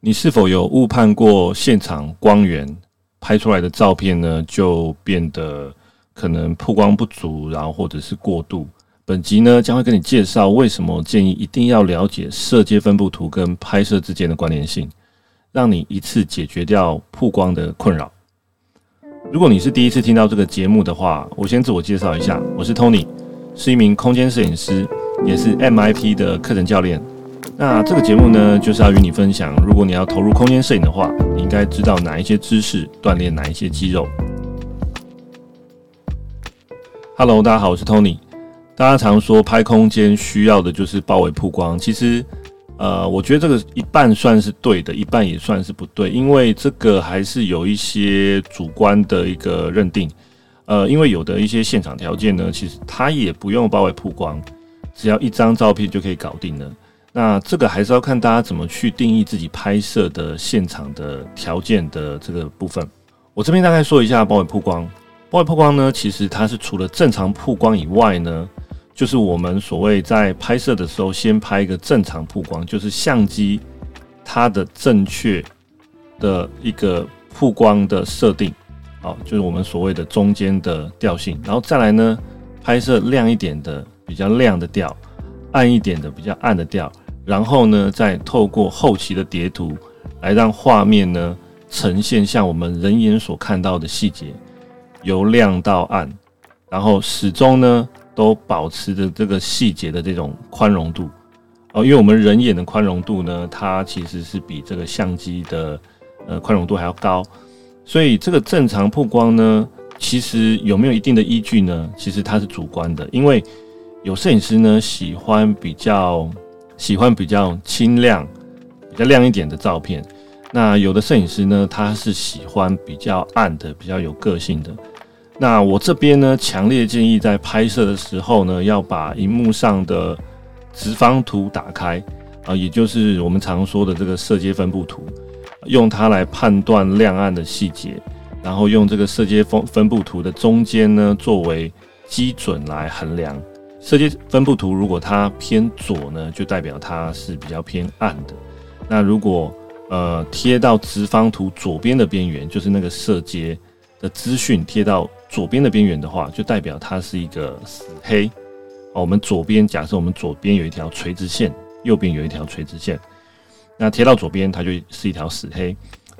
你是否有誤判過現場光源拍出來的照片呢？就變得可能曝光不足，然後或者是過度。本集呢將會跟你介紹為什麼建議一定要了解色階分布圖跟拍攝之間的關聯性，讓你一次解決掉曝光的困擾。如果你是第一次聽到這個節目的話，我先自我介紹一下，我是 Tony，是一名空間攝影師，也是 MIP 的課程教練。那這個節目呢，就是要與你分享，如果你要投入空間攝影的話，你應該知道哪一些知識，鍛鍊哪一些肌肉。Hello，大家好，我是 Tony。大家常說拍空間需要的就是包圍曝光，其實，呃，我覺得這個一半算是對的，一半也算是不對，因為這個還是有一些主觀的一個認定。呃，因為有的一些現場條件呢，其實它也不用包圍曝光，只要一張照片就可以搞定了。那這個還是要看大家怎麼去定義自己拍攝的現場的條件的這個部分。我這邊大概說一下包圍曝光。包圍曝光呢，其實它是除了正常曝光以外呢，就是我們所謂在拍攝的時候先拍一個正常曝光，就是相機它的正確的一個曝光的設定，好，就是我們所謂的中間的調性。然後再來呢，拍攝亮一點的、比較亮的調，暗一點的、比較暗的調。然後呢，再透過後期的疊圖，來讓畫面呢呈現像我們人眼所看到的細節，由亮到暗，然後始終呢都保持着這個細節的這種寬容度。哦，因為我們人眼的寬容度呢，它其實是比這個相機的呃寬容度還要高，所以這個正常曝光呢，其實有沒有一定的依據呢？其實它是主觀的，因為有攝影師呢喜歡比較。喜歡比較清亮，比較亮一點的照片。那有的攝影師呢，他是喜歡比較暗的、比較有個性的。那我這邊呢，強烈建議在拍攝的時候呢，要把熒幕上的直方圖打開，啊、呃，也就是我們常說的這個色階分布圖，用它來判斷亮暗的細節，然後用這個色階分布圖的中間呢，作為基準來衡量。色階分佈圖，如果它偏左呢，就代表它是比較偏暗的。那如果呃貼到直方圖左邊的邊緣，就是那個色階的資訊貼到左邊的邊緣的話，就代表它是一個死黑。哦，我們左邊假設我們左邊有一條垂直線，右邊有一條垂直線，那貼到左邊它就是一條死黑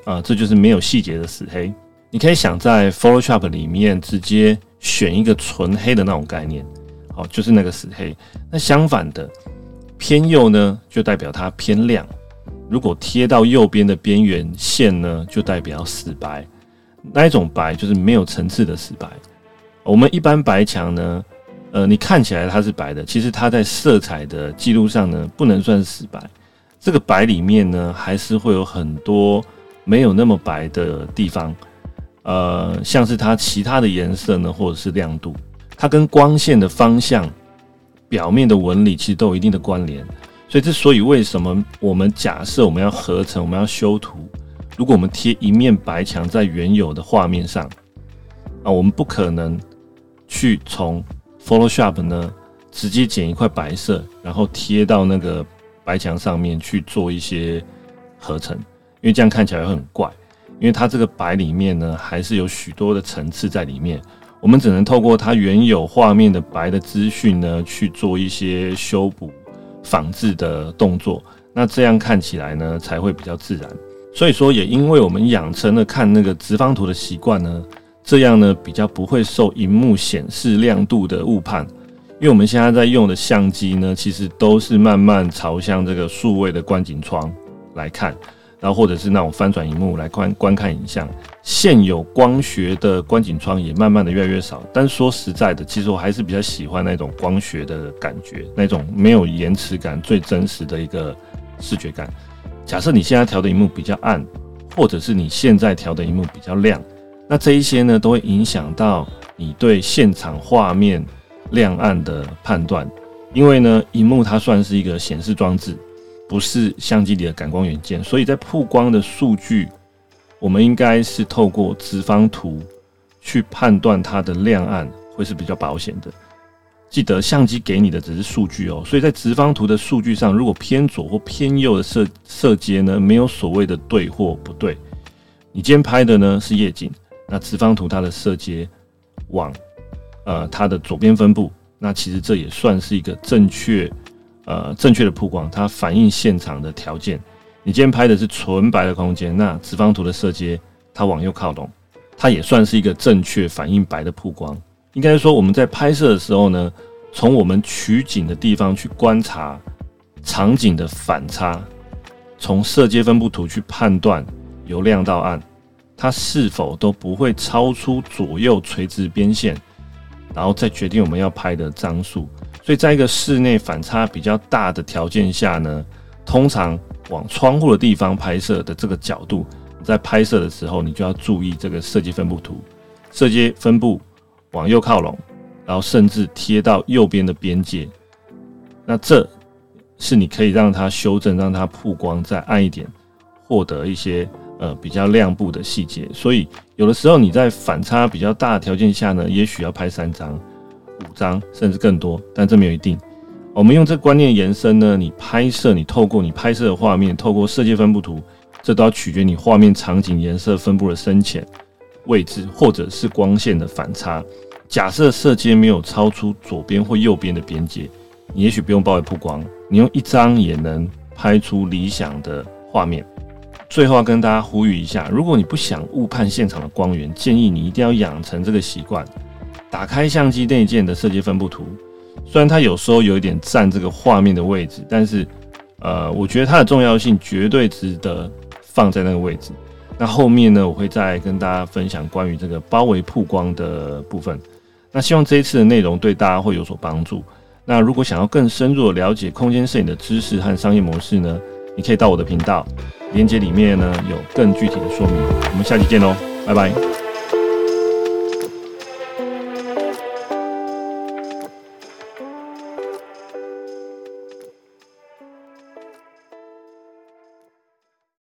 啊，呃，這就是沒有細節的死黑。你可以想在 Photoshop 裡面直接選一個純黑的那種概念。哦，就是那個死黑。那相反的偏右呢，就代表它偏亮。如果貼到右邊的邊緣線呢，就代表死白。那一種白就是沒有層次的死白。我們一般白牆呢，呃，你看起來它是白的，其實它在色彩的記錄上呢，不能算是死白。這個白裡面呢，還是會有很多沒有那麼白的地方，呃，像是它其他的顏色呢，或者是亮度。它跟光線的方向、表面的紋理其實都有一定的關聯，所以之所以為什麼我們假設我們要合成、我們要修圖，如果我們貼一面白牆在原有的畫面上，啊，我們不可能去從 Photoshop 呢直接剪一塊白色，然後貼到那個白牆上面去做一些合成，因為這樣看起來會很怪，因為它這個白裡面呢還是有許多的層次在裡面。我們只能透過它原有畫面的白的資訊呢，去做一些修補、仿製的動作。那這樣看起來呢，才會比較自然。所以說，也因為我們養成了看那個直方圖的習慣呢，這樣呢比較不會受熒幕顯示亮度的誤判。因為我們現在在用的相機呢，其實都是慢慢朝向這個數位的觀景窗來看。然後或者是那種翻轉熒幕來觀觀看影像，現有光學的觀景窗也慢慢的越來越少。但說實在的，其實我還是比較喜歡那種光學的感覺，那種沒有延遲感、最真實的一個視覺感。假設你現在調的熒幕比較暗，或者是你現在調的熒幕比較亮，那這一些呢，都會影響到你對現場畫面亮暗的判斷，因為呢，熒幕它算是一個顯示裝置。不是相機裡的感光元件，所以在曝光的數據，我們應該是透過直方圖去判斷它的亮暗會是比較保險的。記得相機給你的只是數據哦，所以在直方圖的數據上，如果偏左或偏右的色色階呢，沒有所謂的對或不對。你今天拍的呢是夜景，那直方圖它的色階往呃它的左邊分佈，那其實這也算是一個正確。呃，正確的曝光，它反映現場的條件，你今天拍的是純白的空間，那直方圖的色階它往右靠攏，它也算是一個正確反映白的曝光。應該說，我們在拍攝的時候呢，從我們取景的地方去觀察場景的反差，從色階分布圖去判斷由亮到暗，它是否都不會超出左右垂直邊線，然後再決定我們要拍的張數。所以，在一個室內反差比較大的條件下呢，通常往窗戶的地方拍攝的這個角度，在拍攝的時候，你就要注意這個色階分佈圖，色階分佈往右靠攏，然後甚至貼到右邊的邊界。那這是你可以讓它修正，讓它曝光再暗一點，獲得一些呃比較亮部的細節。所以，有的時候你在反差比較大的條件下呢，也許要拍三張。五張甚至更多，但這沒有一定。我們用這觀念的延伸呢，你拍攝，你透過你拍攝的畫面，透過色階分布圖，這都要取決你畫面場景顏色分布的深淺、位置，或者是光線的反差。假設色階沒有超出左邊或右邊的邊界，你也許不用包圍曝光，你用一張也能拍出理想的畫面。最後要跟大家呼籲一下，如果你不想誤判現場的光源，建議你一定要養成這個習慣。打開相機內建的色階分佈圖，雖然它有時候有一點占這個畫面的位置，但是，呃，我覺得它的重要性絕對值得放在那個位置。那後面呢，我會再跟大家分享關於這個包圍曝光的部分。那希望這一次的內容對大家會有所幫助。那如果想要更深入的了解空間攝影的知識和商業模式呢，你可以到我的頻道鏈接裡面呢，有更具體的說明。我們下期見嘍，拜拜。